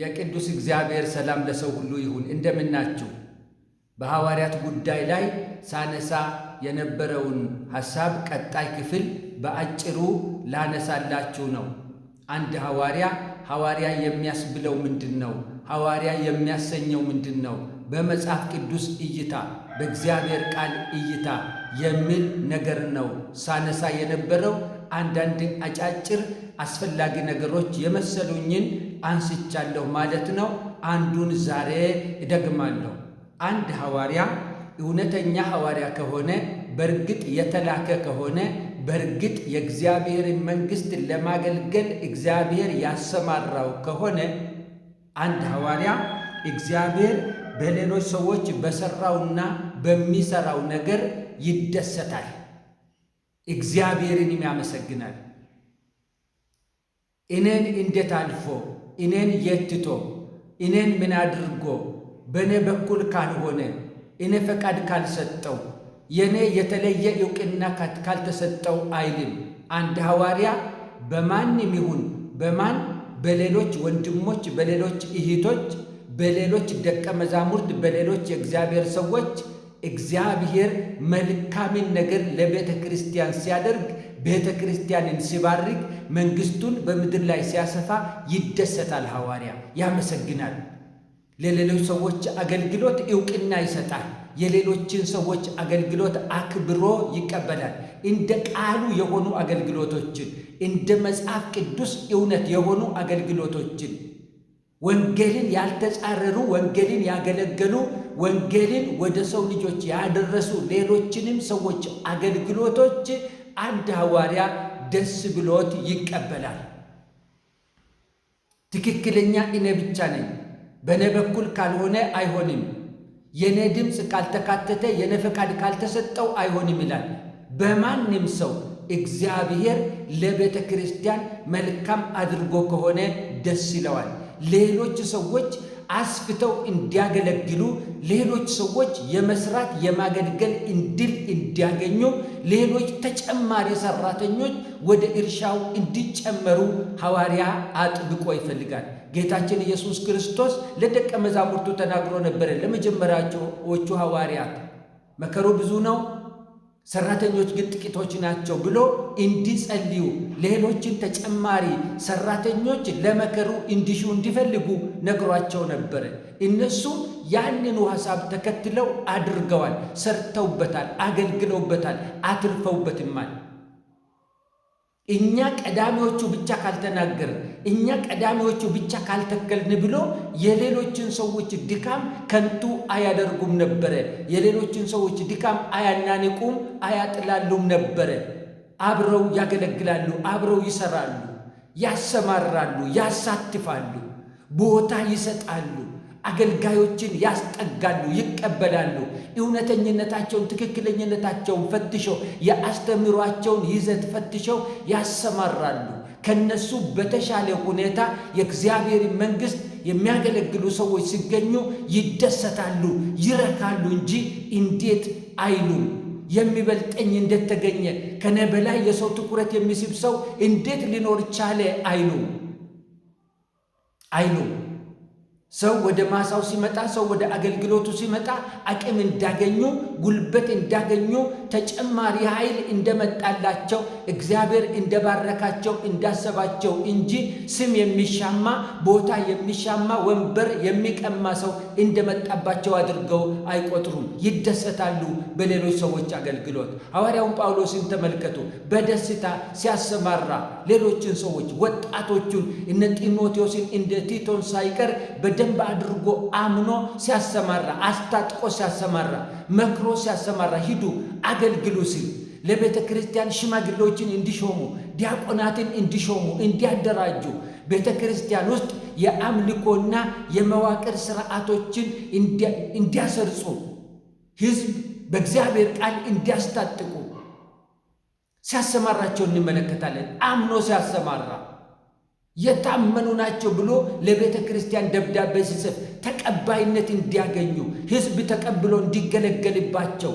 የቅዱስ እግዚአብሔር ሰላም ለሰው ሁሉ ይሁን። እንደምናችሁ በሐዋርያት ጉዳይ ላይ ሳነሳ የነበረውን ሐሳብ ቀጣይ ክፍል በአጭሩ ላነሳላችሁ ነው። አንድ ሐዋርያ ሐዋርያ የሚያስብለው ምንድን ነው? ሐዋርያ የሚያሰኘው ምንድን ነው? በመጽሐፍ ቅዱስ እይታ፣ በእግዚአብሔር ቃል እይታ የሚል ነገር ነው ሳነሳ የነበረው። አንዳንድ አጫጭር አስፈላጊ ነገሮች የመሰሉኝን አንስቻለሁ ማለት ነው። አንዱን ዛሬ እደግማለሁ። አንድ ሐዋርያ እውነተኛ ሐዋርያ ከሆነ በእርግጥ የተላከ ከሆነ በእርግጥ የእግዚአብሔርን መንግሥት ለማገልገል እግዚአብሔር ያሰማራው ከሆነ አንድ ሐዋርያ እግዚአብሔር በሌሎች ሰዎች በሠራውና በሚሠራው ነገር ይደሰታል። እግዚአብሔርን ያመሰግናል። እኔን እንዴት አልፎ እኔን የትቶ እኔን ምን አድርጎ በእኔ በኩል ካልሆነ እኔ ፈቃድ ካልሰጠው የእኔ የተለየ ዕውቅና ካልተሰጠው አይልም። አንድ ሐዋርያ በማንም ይሁን በማን በሌሎች ወንድሞች፣ በሌሎች እህቶች፣ በሌሎች ደቀ መዛሙርት፣ በሌሎች የእግዚአብሔር ሰዎች እግዚአብሔር መልካምን ነገር ለቤተ ክርስቲያን ሲያደርግ ቤተ ክርስቲያንን ሲባርክ መንግስቱን በምድር ላይ ሲያሰፋ ይደሰታል። ሐዋርያ ያመሰግናል። ለሌሎች ሰዎች አገልግሎት እውቅና ይሰጣል። የሌሎችን ሰዎች አገልግሎት አክብሮ ይቀበላል። እንደ ቃሉ የሆኑ አገልግሎቶችን፣ እንደ መጽሐፍ ቅዱስ እውነት የሆኑ አገልግሎቶችን፣ ወንጌልን ያልተጻረሩ ወንጌልን ያገለገሉ ወንጌልን ወደ ሰው ልጆች ያደረሱ ሌሎችንም ሰዎች አገልግሎቶች አንድ ሐዋርያ ደስ ብሎት ይቀበላል። ትክክለኛ እኔ ብቻ ነኝ፣ በእኔ በኩል ካልሆነ አይሆንም፣ የእኔ ድምፅ ካልተካተተ፣ የእኔ ፈቃድ ካልተሰጠው አይሆንም ይላል። በማንም ሰው እግዚአብሔር ለቤተ ክርስቲያን መልካም አድርጎ ከሆነ ደስ ይለዋል። ሌሎች ሰዎች አስፍተው እንዲያገለግሉ ሌሎች ሰዎች የመስራት የማገልገል እድል እንዲያገኙ ሌሎች ተጨማሪ ሰራተኞች ወደ እርሻው እንዲጨመሩ ሐዋርያ አጥብቆ ይፈልጋል። ጌታችን ኢየሱስ ክርስቶስ ለደቀ መዛሙርቱ ተናግሮ ነበረ። ለመጀመሪያዎቹ ሐዋርያት መከሩ ብዙ ነው ሰራተኞች ግን ጥቂቶች ናቸው ብሎ እንዲጸልዩ ሌሎችን ተጨማሪ ሰራተኞች ለመከሩ እንዲሹ እንዲፈልጉ ነግሯቸው ነበረ። እነሱም ያንኑ ሀሳብ ተከትለው አድርገዋል፣ ሰርተውበታል፣ አገልግለውበታል፣ አትርፈውበትማል። እኛ ቀዳሚዎቹ ብቻ ካልተናገር እኛ ቀዳሚዎቹ ብቻ ካልተከልን ብሎ የሌሎችን ሰዎች ድካም ከንቱ አያደርጉም ነበረ። የሌሎችን ሰዎች ድካም አያናንቁም፣ አያጥላሉም ነበረ። አብረው ያገለግላሉ፣ አብረው ይሰራሉ፣ ያሰማራሉ፣ ያሳትፋሉ፣ ቦታ ይሰጣሉ። አገልጋዮችን ያስጠጋሉ፣ ይቀበላሉ። እውነተኝነታቸውን፣ ትክክለኝነታቸውን ፈትሸው የአስተምሯቸውን ይዘት ፈትሸው ያሰማራሉ። ከነሱ በተሻለ ሁኔታ የእግዚአብሔር መንግሥት የሚያገለግሉ ሰዎች ሲገኙ ይደሰታሉ፣ ይረካሉ እንጂ እንዴት አይሉም። የሚበልጠኝ እንዴት ተገኘ? ከኔ በላይ የሰው ትኩረት የሚስብ ሰው እንዴት ሊኖር ቻለ? አይሉ አይሉ ሰው ወደ ማሳው ሲመጣ፣ ሰው ወደ አገልግሎቱ ሲመጣ አቅም እንዳገኙ፣ ጉልበት እንዳገኙ፣ ተጨማሪ ኃይል እንደመጣላቸው፣ እግዚአብሔር እንደባረካቸው፣ እንዳሰባቸው እንጂ ስም የሚሻማ ቦታ የሚሻማ ወንበር የሚቀማ ሰው እንደመጣባቸው አድርገው አይቆጥሩም። ይደሰታሉ በሌሎች ሰዎች አገልግሎት። ሐዋርያውን ጳውሎስን ተመልከቱ። በደስታ ሲያሰማራ ሌሎችን ሰዎች ወጣቶቹን እነ ጢሞቴዎስን እንደ ቲቶን ሳይቀር በደ በደንብ አድርጎ አምኖ ሲያሰማራ፣ አስታጥቆ ሲያሰማራ፣ መክሮ ሲያሰማራ ሂዱ አገልግሉ ሲል ለቤተ ክርስቲያን ሽማግሌዎችን እንዲሾሙ፣ ዲያቆናትን እንዲሾሙ፣ እንዲያደራጁ ቤተ ክርስቲያን ውስጥ የአምልኮና የመዋቅር ስርዓቶችን እንዲያሰርጹ፣ ሕዝብ በእግዚአብሔር ቃል እንዲያስታጥቁ ሲያሰማራቸው እንመለከታለን። አምኖ ሲያሰማራ የታመኑ ናቸው ብሎ ለቤተ ክርስቲያን ደብዳቤ ሲጽፍ ተቀባይነት እንዲያገኙ ሕዝብ ተቀብሎ እንዲገለገልባቸው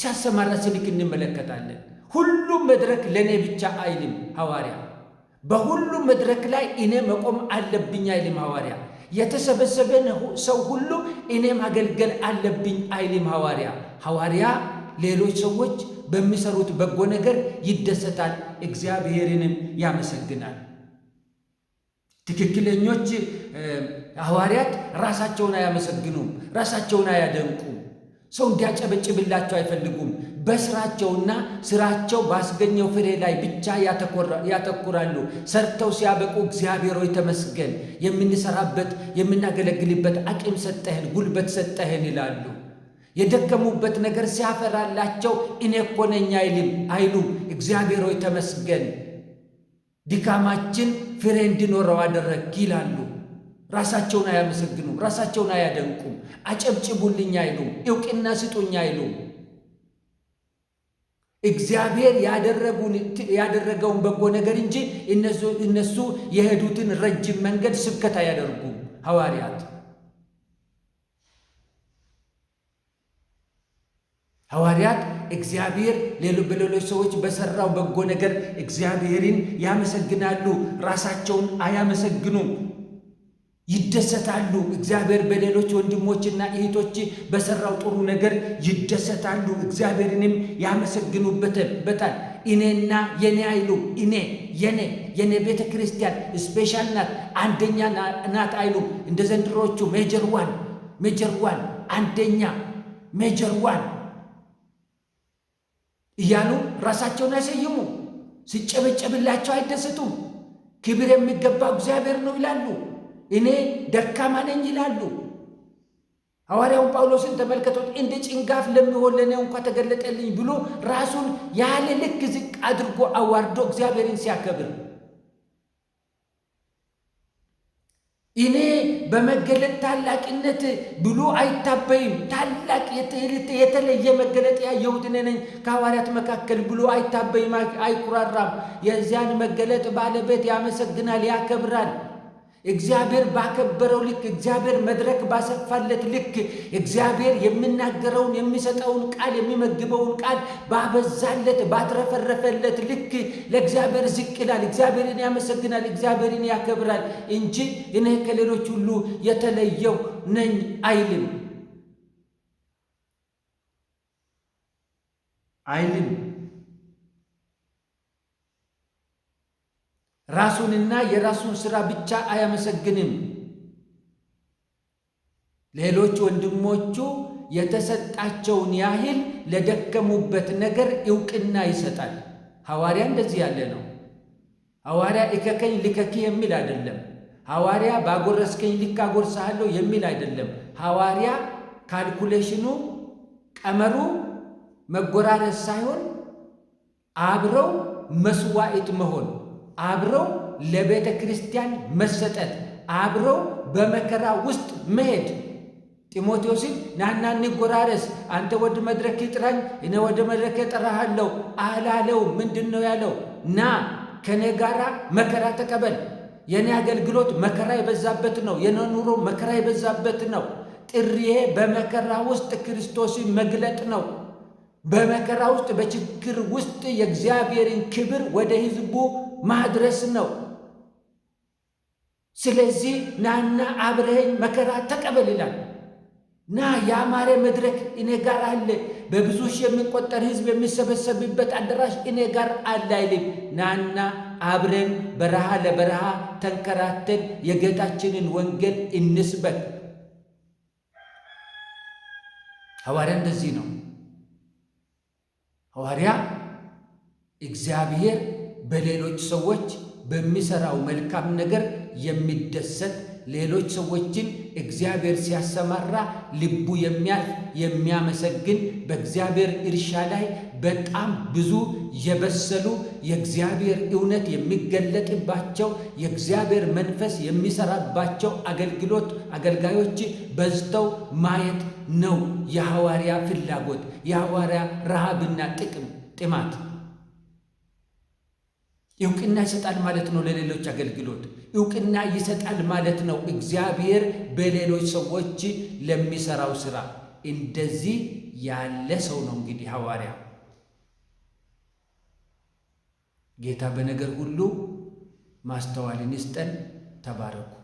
ሲያሰማራ ስልክ እንመለከታለን። ሁሉም መድረክ ለእኔ ብቻ አይልም ሐዋርያ። በሁሉም መድረክ ላይ እኔ መቆም አለብኝ አይልም ሐዋርያ። የተሰበሰበን ሰው ሁሉ እኔ ማገልገል አለብኝ አይልም ሐዋርያ። ሐዋርያ ሌሎች ሰዎች በሚሰሩት በጎ ነገር ይደሰታል፣ እግዚአብሔርንም ያመሰግናል። ትክክለኞች ሐዋርያት ራሳቸውን አያመሰግኑም፣ ራሳቸውን አያደንቁም። ሰው እንዲያጨበጭብላቸው አይፈልጉም። በስራቸውና ስራቸው ባስገኘው ፍሬ ላይ ብቻ ያተኩራሉ። ሰርተው ሲያበቁ እግዚአብሔር ሆይ ተመስገን፣ የምንሰራበት የምናገለግልበት አቅም ሰጠህን፣ ጉልበት ሰጠህን ይላሉ። የደከሙበት ነገር ሲያፈራላቸው እኔ እኮ ነኝ አይሉም። እግዚአብሔር ሆይ ተመስገን ድካማችን ፍሬ እንዲኖረው አደረግ ይላሉ። ራሳቸውን አያመሰግኑም፣ ራሳቸውን አያደንቁም። አጨብጭቡልኝ አይሉም፣ እውቅና ስጡኝ አይሉም። እግዚአብሔር ያደረገውን በጎ ነገር እንጂ እነሱ የሄዱትን ረጅም መንገድ ስብከት አያደርጉም ሐዋርያት ሐዋርያት እግዚአብሔር በሌሎች ሰዎች በሰራው በጎ ነገር እግዚአብሔርን ያመሰግናሉ። ራሳቸውን አያመሰግኑም፣ ይደሰታሉ። እግዚአብሔር በሌሎች ወንድሞችና እህቶች በሰራው ጥሩ ነገር ይደሰታሉ፣ እግዚአብሔርንም ያመሰግኑበታል። እኔና የኔ አይሉ እኔ የኔ የኔ ቤተ ክርስቲያን ስፔሻል ናት፣ አንደኛ ናት አይሉ እንደ ዘንድሮቹ ሜጀር ዋን ሜጀር ዋን አንደኛ ሜጀር ዋን እያሉ ራሳቸውን ያሰይሙ። ሲጨበጨብላቸው አይደሰቱም። ክብር የሚገባው እግዚአብሔር ነው ይላሉ። እኔ ደካማ ነኝ ይላሉ። ሐዋርያውን ጳውሎስን ተመልከቶት። እንደ ጭንጋፍ ለሚሆን ለእኔ እንኳ ተገለጠልኝ ብሎ ራሱን ያለ ልክ ዝቅ አድርጎ አዋርዶ እግዚአብሔርን ሲያከብር እኔ በመገለጥ ታላቅነት ብሎ አይታበይም። ታላቅ የተለየ መገለጥ ያየሁት እኔ ነኝ ከሐዋርያት መካከል ብሎ አይታበይም፣ አይኩራራም። የዚያን መገለጥ ባለቤት ያመሰግናል፣ ያከብራል። እግዚአብሔር ባከበረው ልክ እግዚአብሔር መድረክ ባሰፋለት ልክ እግዚአብሔር የሚናገረውን የሚሰጠውን ቃል የሚመግበውን ቃል ባበዛለት ባትረፈረፈለት ልክ ለእግዚአብሔር ዝቅ ይላል፣ እግዚአብሔርን ያመሰግናል፣ እግዚአብሔርን ያከብራል እንጂ እኔ ከሌሎች ሁሉ የተለየው ነኝ አይልም አይልም። ራሱንና የራሱን ሥራ ብቻ አያመሰግንም። ሌሎች ወንድሞቹ የተሰጣቸውን ያህል ለደከሙበት ነገር እውቅና ይሰጣል። ሐዋርያ እንደዚህ ያለ ነው። ሐዋርያ እከከኝ ልከኪ የሚል አይደለም። ሐዋርያ ባጎረስከኝ ልክ አጎርሰሃለሁ የሚል አይደለም። ሐዋርያ ካልኩሌሽኑ ቀመሩ መጎራረስ ሳይሆን አብረው መስዋዕት መሆን አብረው ለቤተ ክርስቲያን መሰጠት፣ አብረው በመከራ ውስጥ መሄድ ጢሞቴዎስን ናና እንጎራረስ፣ አንተ ወደ መድረክ ጥራኝ፣ እኔ ወደ መድረክ እጠራሃለሁ አላለው። ምንድን ነው ያለው? ና ከእኔ ጋራ መከራ ተቀበል። የኔ አገልግሎት መከራ የበዛበት ነው። የእኔ ኑሮ መከራ የበዛበት ነው። ጥሪዬ በመከራ ውስጥ ክርስቶስን መግለጥ ነው። በመከራ ውስጥ በችግር ውስጥ የእግዚአብሔርን ክብር ወደ ሕዝቡ ማድረስ ነው። ስለዚህ ናና አብረኸኝ መከራ ተቀበል ይላል። ና የአማረ መድረክ እኔ ጋር አለ። በብዙ ሺህ የሚቆጠር ህዝብ የሚሰበሰብበት አዳራሽ እኔ ጋር አለ አይልም። ናና አብረን በረሃ ለበረሃ ተንከራተን የጌታችንን ወንጌል እንስበክ። ሐዋርያ እንደዚህ ነው። ሐዋርያ እግዚአብሔር በሌሎች ሰዎች በሚሰራው መልካም ነገር የሚደሰት ሌሎች ሰዎችን እግዚአብሔር ሲያሰማራ ልቡ የሚያርፍ የሚያመሰግን በእግዚአብሔር እርሻ ላይ በጣም ብዙ የበሰሉ የእግዚአብሔር እውነት የሚገለጥባቸው የእግዚአብሔር መንፈስ የሚሰራባቸው አገልግሎት አገልጋዮች በዝተው ማየት ነው የሐዋርያ ፍላጎት የሐዋርያ ረሃብና ጥቅም ጥማት እውቅና ይሰጣል ማለት ነው። ለሌሎች አገልግሎት እውቅና ይሰጣል ማለት ነው። እግዚአብሔር በሌሎች ሰዎች ለሚሰራው ስራ እንደዚህ ያለ ሰው ነው እንግዲህ ሐዋርያ ጌታ በነገር ሁሉ ማስተዋልን ይስጠን። ተባረኩ።